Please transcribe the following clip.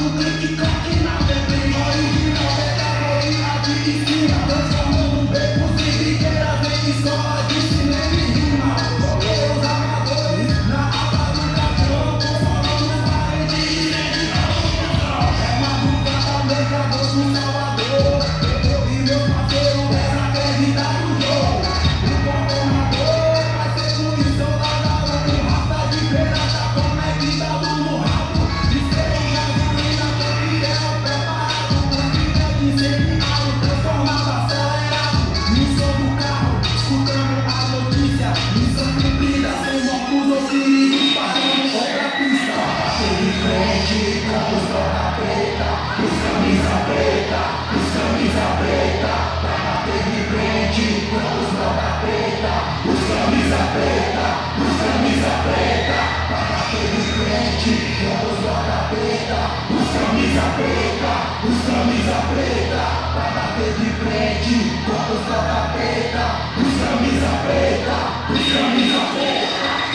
não tem frente, todos da preta, os camisa preta, os camisa preta.